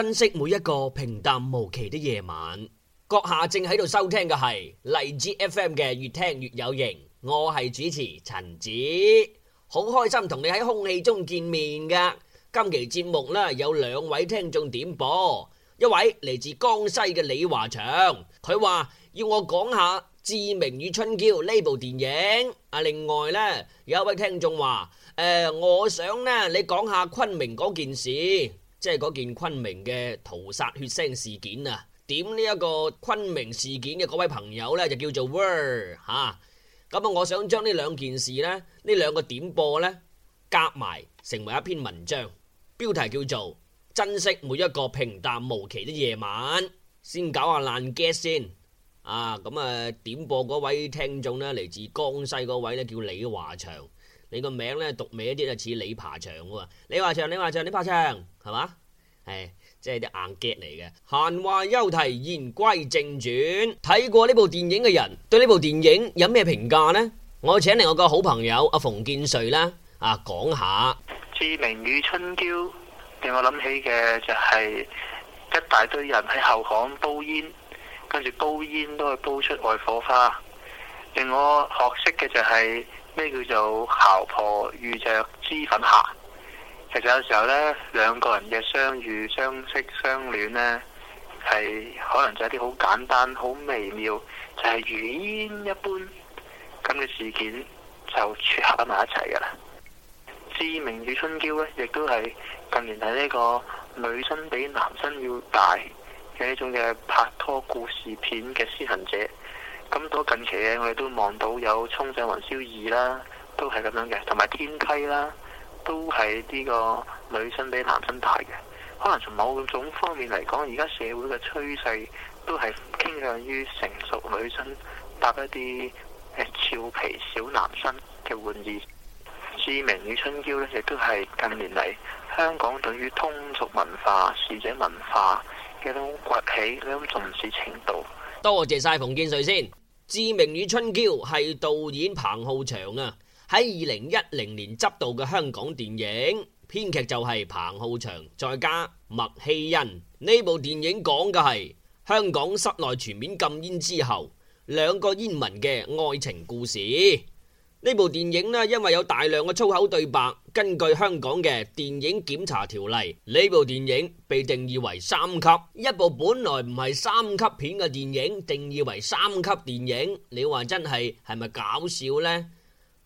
珍惜每一個平淡無奇的夜晚。閣下正喺度收聽嘅係荔枝 FM 嘅《越聽越有型》，我係主持陳子，好開心同你喺空氣中見面噶。今期節目呢，有兩位聽眾點播，一位嚟自江西嘅李華祥，佢話要我講下《志明與春嬌》呢部電影。啊，另外呢，有一位聽眾話，誒、呃，我想呢，你講下昆明嗰件事。即係嗰件昆明嘅屠殺血腥事件啊！點呢一個昆明事件嘅嗰位朋友呢，就叫做 Where 嚇。咁啊，我想將呢兩件事呢，呢兩個點播呢，夾埋成為一篇文章，標題叫做《珍惜每一個平淡無奇的夜晚》。先搞下爛 gag 先啊！咁啊，點播嗰位聽眾呢，嚟自江西嗰位呢，叫李華祥。你個名咧，讀歪一啲就似李爬牆喎。李爬牆，李爬牆，李爬牆，係嘛？係即係啲硬夾嚟嘅。閒話休提，言歸正傳。睇過呢部電影嘅人，對呢部電影有咩評價呢？我請嚟我個好朋友阿馮建瑞啦，啊講下。志明與春嬌，令我諗起嘅就係、是、一大堆人喺後巷煲煙，跟住煲煙都係煲出外火花，令我學識嘅就係、是。咩叫做姣婆遇着脂粉客？其實有時候呢，兩個人嘅相遇、相識、相戀呢，係可能就係一啲好簡單、好微妙，就係如煙一般咁嘅事件就撮合得埋一齊噶啦。志明與春嬌呢，亦都係近年嚟呢個女生比男生要大嘅一種嘅拍拖故事片嘅先行者。咁多近期咧，我哋都望到有《沖上雲霄二》啦，都係咁樣嘅，同埋《天梯》啦，都係呢個女生比男生大嘅。可能從某種方面嚟講，而家社會嘅趨勢都係傾向於成熟女生搭一啲俏皮小男生嘅玩意。《志明與春嬌》呢，亦都係近年嚟香港對於通俗文化、市井文化嘅一種崛起、一種重視程度。多謝晒，馮建瑞先。志明與春嬌係導演彭浩翔啊，喺二零一零年執導嘅香港電影，編劇就係彭浩翔，再加麥希恩。呢部電影講嘅係香港室內全面禁煙之後，兩個煙民嘅愛情故事。呢部電影呢，因為有大量嘅粗口對白。根據香港嘅電影檢查條例，呢部電影被定義為三級，一部本來唔係三級片嘅電影定義為三級電影，你話真係係咪搞笑呢？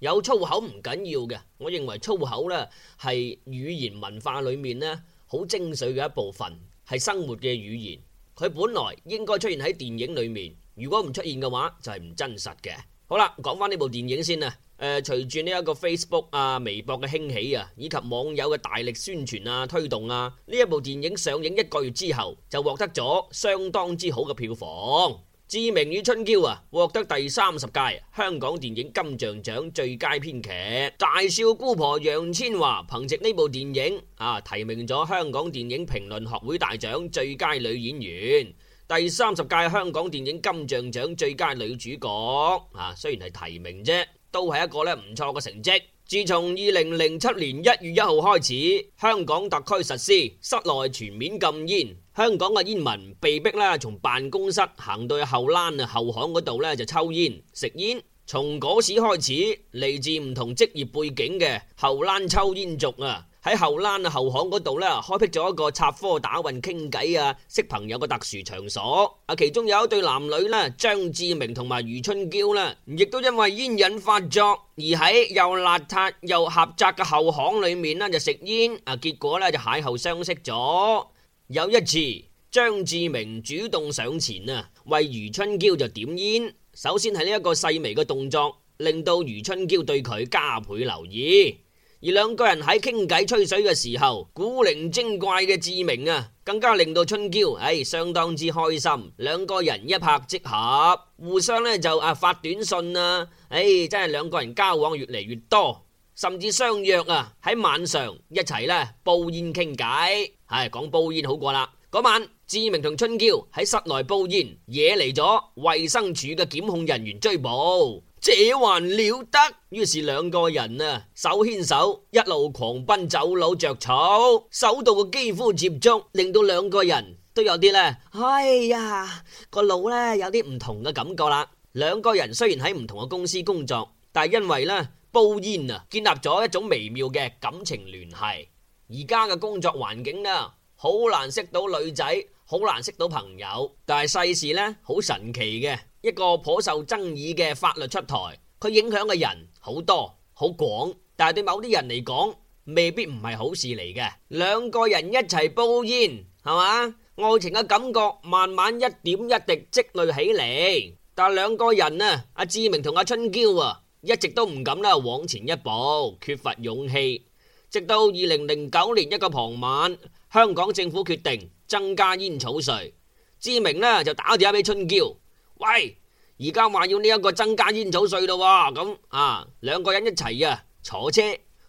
有粗口唔緊要嘅，我認為粗口呢係語言文化裏面呢好精髓嘅一部分，係生活嘅語言，佢本來應該出現喺電影裏面，如果唔出現嘅話就係唔真實嘅。好啦，講翻呢部電影先啊。誒、呃，隨住呢一個 Facebook 啊、微博嘅興起啊，以及網友嘅大力宣傳啊、推動啊，呢一部電影上映一個月之後就獲得咗相當之好嘅票房。《志明與春嬌》啊，獲得第三十屆、啊、屆香港電影金像獎最佳編劇。大少姑婆楊千嬅憑藉呢部電影啊，提名咗香港電影評論學會大獎最佳女演員、第三十屆香港電影金像獎最佳女主角。啊，雖然係提名啫。都係一個咧唔錯嘅成績。自從二零零七年一月一號開始，香港特區實施室內全面禁煙，香港嘅煙民被迫咧從辦公室行到去後欄後巷嗰度咧就抽煙食煙。從嗰時開始，嚟自唔同職業背景嘅後欄抽煙族啊。喺後欄啊後巷嗰度咧，開闢咗一個插科打諢、啊、傾偈、啊識朋友嘅特殊場所。啊，其中有一對男女呢，張志明同埋余春嬌呢，亦都因為煙癮發作而喺又邋遢又狹窄嘅後巷裏面呢就食煙。啊，結果呢，就邂逅相識咗。有一次，張志明主動上前啊，為余春嬌就點煙。首先係呢一個細微嘅動作，令到余春嬌對佢加倍留意。而兩個人喺傾偈吹水嘅時候，古靈精怪嘅志明啊，更加令到春嬌，唉、哎，相當之開心。兩個人一拍即合，互相咧就啊發短信啊，唉、哎，真係兩個人交往越嚟越多，甚至相約啊喺晚上一齊咧煲煙傾偈。係、哎、講煲煙好過啦。嗰晚志明同春嬌喺室內煲煙，惹嚟咗衛生署嘅檢控人員追捕。這還了得？於是兩個人啊手牽手，一路狂奔走佬着草，手度嘅肌膚接觸，令到兩個人都有啲呢。哎呀個腦呢有啲唔同嘅感覺啦。兩個人雖然喺唔同嘅公司工作，但係因為呢煲煙啊，建立咗一種微妙嘅感情聯繫。而家嘅工作環境呢，好難識到女仔，好難識到朋友，但係世事呢，好神奇嘅。一個頗受爭議嘅法律出台，佢影響嘅人好多好廣，但係對某啲人嚟講未必唔係好事嚟嘅。兩個人一齊煲煙係嘛，愛情嘅感覺慢慢一點一滴積累起嚟。但係兩個人呢，阿志明同阿春嬌啊，一直都唔敢啦往前一步，缺乏勇氣。直到二零零九年一個傍晚，香港政府決定增加煙草稅，志明呢就打電話俾春嬌。喂，而家話要呢一個增加煙草稅咯，咁啊兩個人一齊啊坐車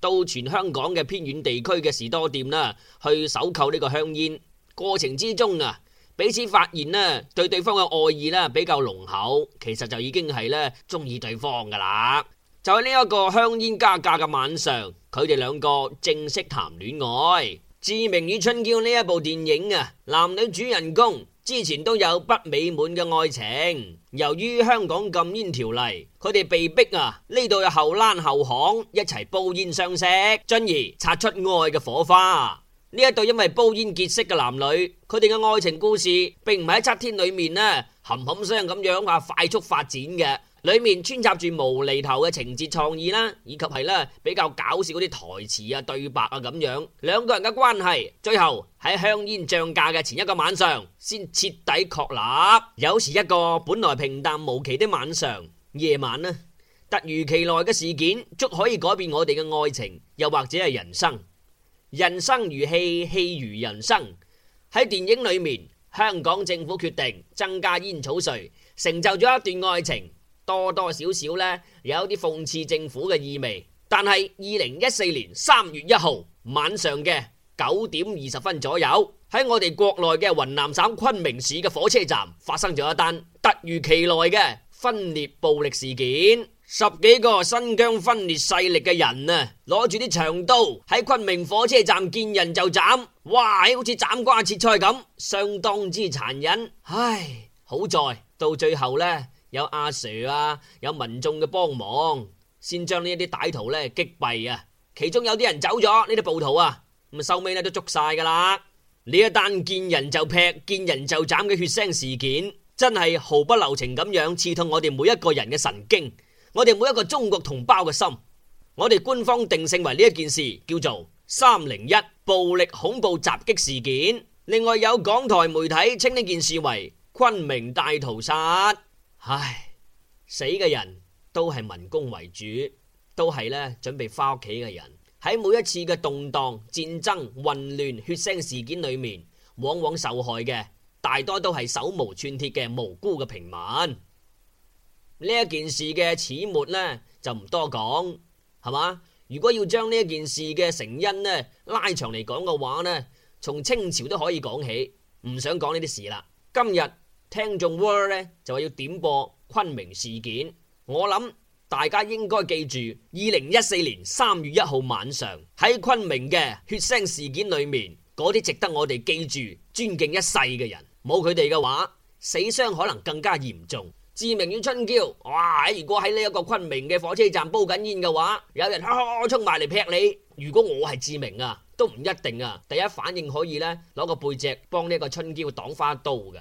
到全香港嘅偏遠地區嘅士多店啦、啊，去搜購呢個香煙。過程之中啊，彼此發現呢、啊、對、對對方嘅愛意呢、啊、比較濃厚，其實就已經係呢中意對方噶啦。就喺呢一個香煙加價嘅晚上，佢哋兩個正式談戀愛。《志明與春嬌》呢一部電影啊，男女主人公，之前都有不美滿嘅愛情，由於香港禁煙條例，佢哋被逼啊呢度有後欄後巷，一齊煲煙相識，進而擦出愛嘅火花。呢一對因為煲煙結識嘅男女，佢哋嘅愛情故事並唔係喺七天裏面呢冚冚聲咁樣啊快速發展嘅。裏面穿插住無厘頭嘅情節創意啦，以及係呢比較搞笑嗰啲台詞啊、對白啊咁樣。兩個人嘅關係最後喺香煙漲價嘅前一個晚上先徹底確立。有時一個本來平淡無奇的晚上夜晚呢，突如其來嘅事件足可以改變我哋嘅愛情，又或者係人生。人生如戲，戲如人生。喺電影裏面，香港政府決定增加煙草稅，成就咗一段愛情。多多少少呢，有啲諷刺政府嘅意味。但係二零一四年三月一號晚上嘅九點二十分左右，喺我哋國內嘅雲南省昆明市嘅火車站發生咗一單突如其來嘅分裂暴力事件。十幾個新疆分裂勢力嘅人啊，攞住啲長刀喺昆明火車站見人就斬，哇，好似斬瓜切菜咁，相當之殘忍。唉，好在到最後呢。有阿 Sir 啊，有民眾嘅幫忙，先將呢一啲歹徒呢擊斃啊！其中有啲人走咗，呢啲暴徒啊，咁收尾呢都捉晒噶啦！呢一單見人就劈、見人就斬嘅血腥事件，真係毫不留情咁樣刺痛我哋每一個人嘅神經，我哋每一個中國同胞嘅心。我哋官方定性為呢一件事叫做三零一暴力恐怖襲擊事件。另外有港台媒體稱呢件事為昆明大屠殺。唉，死嘅人都係民工為主，都係呢準備翻屋企嘅人。喺每一次嘅動盪、戰爭、混亂、血腥事件裏面，往往受害嘅大多都係手無寸鐵嘅無辜嘅平民。呢一件事嘅始末呢，就唔多講，係嘛？如果要將呢一件事嘅成因呢，拉長嚟講嘅話呢，從清朝都可以講起。唔想講呢啲事啦，今日。聽眾 word 咧就話要點播昆明事件，我諗大家應該記住二零一四年三月一號晚上喺昆明嘅血腥事件裏面嗰啲值得我哋記住尊敬一世嘅人，冇佢哋嘅話死傷可能更加嚴重。志明與春嬌哇，如果喺呢一個昆明嘅火車站煲緊煙嘅話，有人哈哈衝埋嚟劈你，如果我係志明啊，都唔一定啊。第一反應可以咧攞個背脊幫呢一個春嬌擋翻刀㗎。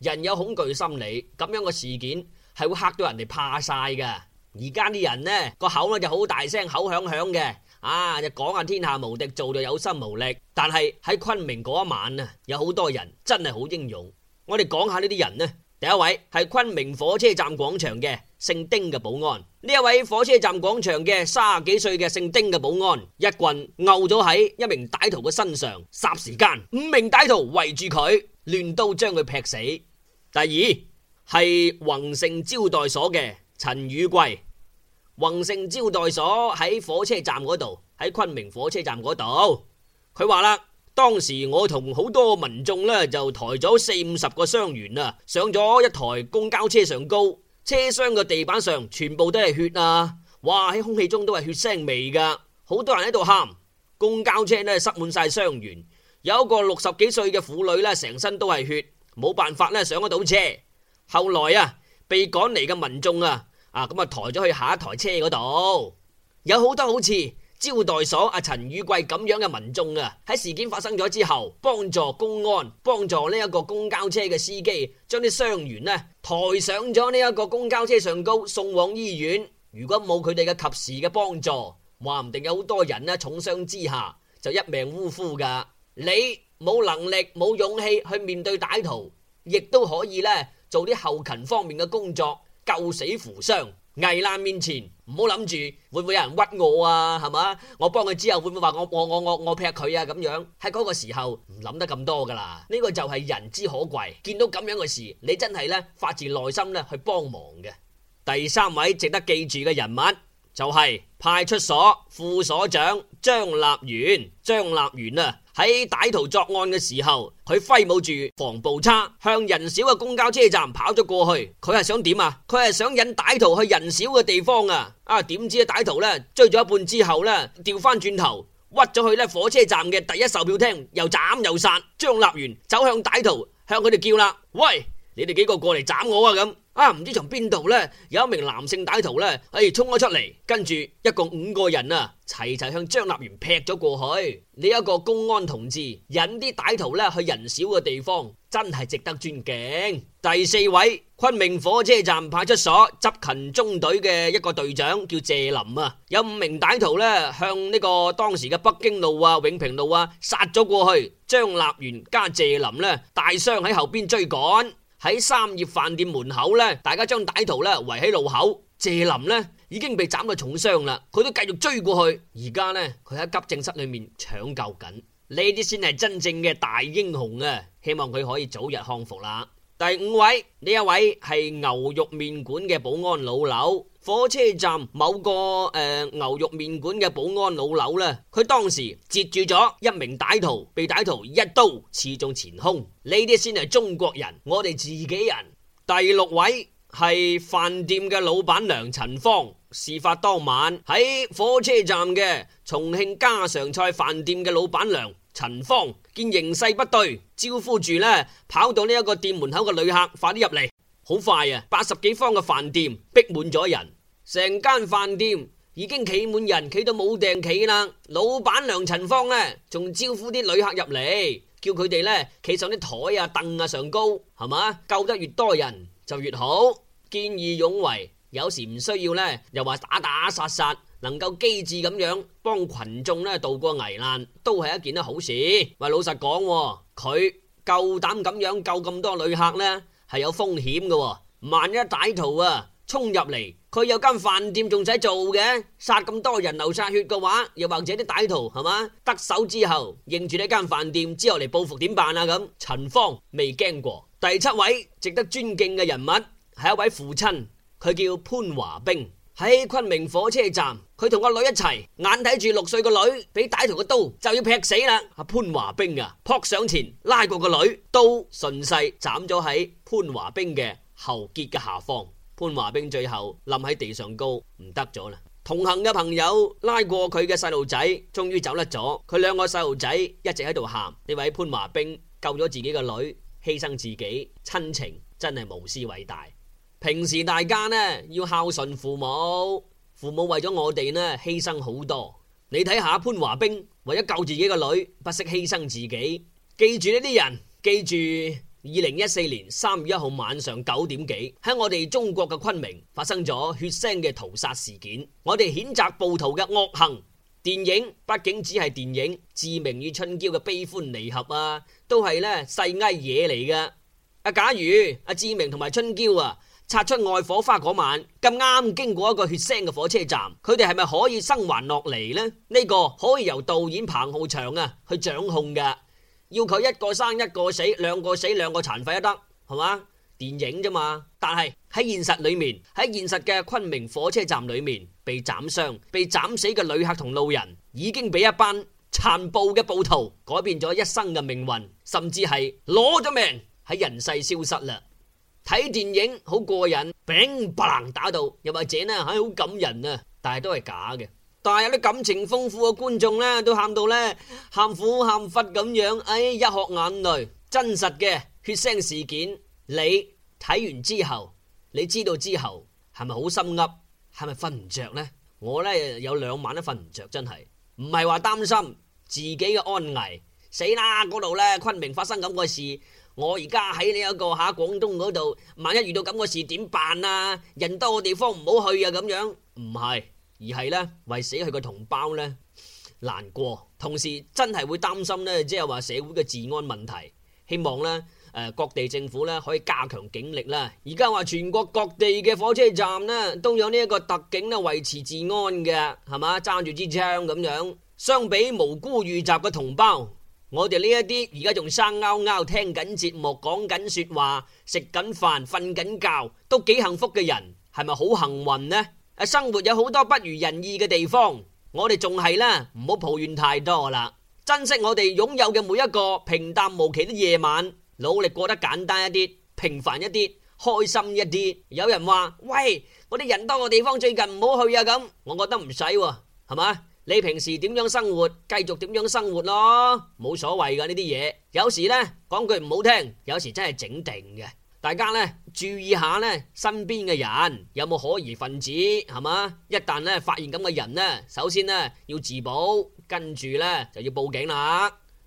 人有恐懼心理，咁樣嘅事件係會嚇到人哋怕晒噶而家啲人呢個口呢就好大聲口響響嘅，啊就講下天下無敵做到有心無力。但係喺昆明嗰一晚啊，有好多人真係好英勇。我哋講下呢啲人呢，第一位係昆明火車站廣場嘅姓丁嘅保安。呢一位火車站廣場嘅三十幾歲嘅姓丁嘅保安，一棍毆咗喺一名歹徒嘅身上，霎時間五名歹徒圍住佢，亂刀將佢劈死。第二係宏盛招待所嘅陳宇貴，宏盛招待所喺火車站嗰度，喺昆明火車站嗰度。佢話啦，當時我同好多民眾呢，就抬咗四五十個傷員啊，上咗一台公交車上高，車廂嘅地板上全部都係血啊！哇，喺空氣中都係血腥味噶，好多人喺度喊，公交車呢，塞滿晒傷員，有一個六十幾歲嘅婦女呢，成身都係血。冇辦法咧，上得到車。後來啊，被趕嚟嘅民眾啊，啊咁啊、嗯、抬咗去下一台車嗰度。有好多好似招待所阿、啊、陳宇貴咁樣嘅民眾啊，喺事件發生咗之後，幫助公安，幫助呢一個公交車嘅司機，將啲傷員咧、啊、抬上咗呢一個公交車上高，送往醫院。如果冇佢哋嘅及時嘅幫助，話唔定有好多人咧、啊、重傷之下就一命嗚呼噶。你冇能力、冇勇氣去面對歹徒，亦都可以呢做啲後勤方面嘅工作，救死扶傷。危難面前，唔好諗住會唔會有人屈我啊？係嘛？我幫佢之後會唔會話我我我我，我劈佢啊？咁樣喺嗰個時候唔諗得咁多噶啦。呢、這個就係人之可貴。見到咁樣嘅事，你真係呢發自內心呢去幫忙嘅。第三位值得記住嘅人物就係、是、派出所副所長張立元。張立元啊！喺歹徒作案嘅時候，佢揮舞住防暴叉向人少嘅公交車站跑咗過去。佢係想點啊？佢係想引歹徒去人少嘅地方啊！啊，點知啊歹徒咧追咗一半之後咧，掉翻轉頭屈咗去咧火車站嘅第一售票廳，又斬又殺。張立源走向歹徒，向佢哋叫啦：喂！你哋幾個過嚟斬我啊！咁啊，唔知從邊度呢？有一名男性歹徒呢，哎衝咗出嚟，跟住一共五個人啊，齊齊向張立源劈咗過去。呢、這、一個公安同志引啲歹徒呢去人少嘅地方，真係值得尊敬。第四位昆明火車站派出所執勤中隊嘅一個隊長叫謝林啊，有五名歹徒呢，向呢個當時嘅北京路啊、永平路啊殺咗過去，張立源加謝林呢，大傷喺後邊追趕。喺三葉飯店門口呢，大家將歹徒呢圍喺路口。謝林呢已經被斬到重傷啦，佢都繼續追過去。而家呢，佢喺急症室裏面搶救緊。呢啲先係真正嘅大英雄啊！希望佢可以早日康復啦。第五位呢一位係牛肉麵館嘅保安老劉，火車站某個誒、呃、牛肉麵館嘅保安老劉啦，佢當時截住咗一名歹徒，被歹徒一刀刺中前胸。呢啲先係中國人，我哋自己人。第六位係飯店嘅老闆娘陳芳，事發當晚喺火車站嘅重慶家常菜飯店嘅老闆娘陳芳。見形勢不對，招呼住呢跑到呢一個店門口嘅旅客，快啲入嚟！好快啊，八十幾方嘅飯店逼滿咗人，成間飯店已經企滿人，企到冇埞企啦。老闆娘陳芳呢仲招呼啲旅客入嚟，叫佢哋呢企上啲台啊凳啊上高，係嘛？救得越多人就越好，見義勇為，有時唔需要呢，又話打打殺殺。能夠機智咁樣幫群眾咧渡過危難，都係一件好事。喂，老實講，佢夠膽咁樣救咁多旅客呢，係有風險嘅。萬一歹徒啊衝入嚟，佢有間飯店仲使做嘅，殺咁多人流晒血嘅話，又或者啲歹徒係咪得手之後認住呢間飯店之後嚟報復，點辦啊？咁陳芳未驚過。第七位值得尊敬嘅人物係一位父親，佢叫潘華兵。喺昆明火車站，佢同個女一齊，眼睇住六歲個女俾歹徒嘅刀就要劈死啦。阿潘華兵啊，撲上前拉過個女，刀順勢斬咗喺潘華兵嘅喉結嘅下方。潘華兵最後冧喺地上高，唔得咗啦。同行嘅朋友拉過佢嘅細路仔，終於走甩咗。佢兩個細路仔一直喺度喊。呢位潘華兵救咗自己嘅女，犧牲自己，親情真係無私偉大。平時大家呢要孝順父母，父母為咗我哋呢犧牲好多。你睇下潘華兵為咗救自己嘅女，不惜犧牲自己。記住呢啲人，記住二零一四年三月一號晚上九點幾，喺我哋中國嘅昆明發生咗血腥嘅屠殺事件。我哋譴責暴徒嘅惡行。電影畢竟只係電影，志明與春嬌嘅悲歡離合啊，都係呢世埃嘢嚟㗎。啊，假如阿志明同埋春嬌啊。擦出愛火花嗰晚咁啱經過一個血腥嘅火車站，佢哋係咪可以生還落嚟呢？呢、呢個可以由導演彭浩翔啊去掌控噶，要佢一個生一個死，兩個死兩個殘廢都得，係嘛？電影啫嘛，但係喺現實裏面，喺現實嘅昆明火車站裏面，被斬傷、被斬死嘅旅客同路人，已經俾一班殘暴嘅暴徒改變咗一生嘅命運，甚至係攞咗命喺人世消失啦。睇電影好過癮，不能打到，又或者呢？唉、哎，好感人啊，但係都係假嘅。但係有啲感情豐富嘅觀眾呢，都喊到呢，喊苦喊忽咁樣。唉、哎，一殼眼淚，真實嘅血腥事件。你睇完之後，你知道之後係咪好心噏？係咪瞓唔着呢？我呢有兩晚都瞓唔着，真係唔係話擔心自己嘅安危。死啦！嗰度呢？昆明發生咁個事。我而家喺呢一個下廣東嗰度，萬一遇到咁個事點辦啊？人多嘅地方唔好去啊，咁樣唔係，而係咧為死去嘅同胞咧難過，同時真係會擔心咧，即係話社會嘅治安問題。希望咧誒，各地政府咧可以加強警力啦。而家話全國各地嘅火車站咧都有呢一個特警咧維持治安嘅，係嘛，揸住支槍咁樣。相比無辜遇襲嘅同胞。我哋呢一啲而家仲生勾勾聽緊節目，講緊說話，食緊飯，瞓緊覺，都幾幸福嘅人，係咪好幸運呢？啊，生活有好多不如人意嘅地方，我哋仲係啦，唔好抱怨太多啦，珍惜我哋擁有嘅每一個平淡無奇的夜晚，努力過得簡單一啲，平凡一啲，開心一啲。有人話喂，我哋人多嘅地方最近唔好去啊咁，我覺得唔使，啊，係嘛？你平時點樣生活，繼續點樣生活咯，冇所謂噶呢啲嘢。有時呢，講句唔好聽，有時真係整定嘅。大家呢，注意下呢，身邊嘅人有冇可疑分子係嘛？一旦呢發現咁嘅人呢，首先呢要自保，跟住呢就要報警啦。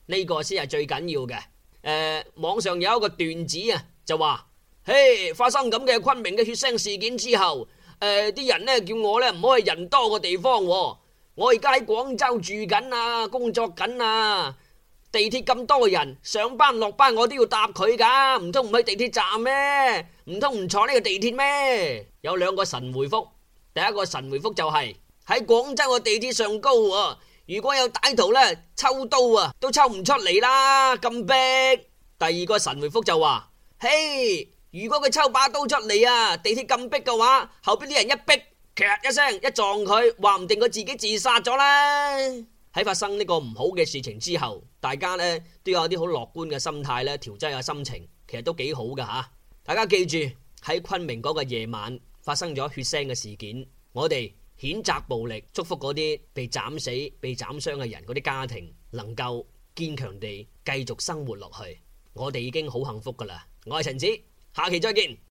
呢、啊這個先係最緊要嘅。誒、呃，網上有一個段子啊，就話嘿、hey, 發生咁嘅昆明嘅血腥事件之後，誒、呃、啲人呢叫我呢唔好去人多嘅地方、啊。我而家喺廣州住緊啊，工作緊啊，地鐵咁多人，上班落班我都要搭佢噶，唔通唔去地鐵站咩？唔通唔坐呢個地鐵咩？有兩個神回復，第一個神回復就係喺廣州個地鐵上高啊，如果有歹徒呢，抽刀啊，都抽唔出嚟啦，咁逼。第二個神回復就話，嘿，如果佢抽把刀出嚟啊，地鐵咁逼嘅話，後邊啲人一逼。踢一聲一撞佢，話唔定佢自己自殺咗啦。喺發生呢個唔好嘅事情之後，大家咧都有啲好樂觀嘅心態咧，調劑下心情，其實都幾好噶吓。大家記住喺昆明嗰個夜晚發生咗血腥嘅事件，我哋譴責暴力，祝福嗰啲被斬死、被斬傷嘅人嗰啲家庭能夠堅強地繼續生活落去。我哋已經好幸福噶啦。我係陳子，下期再見。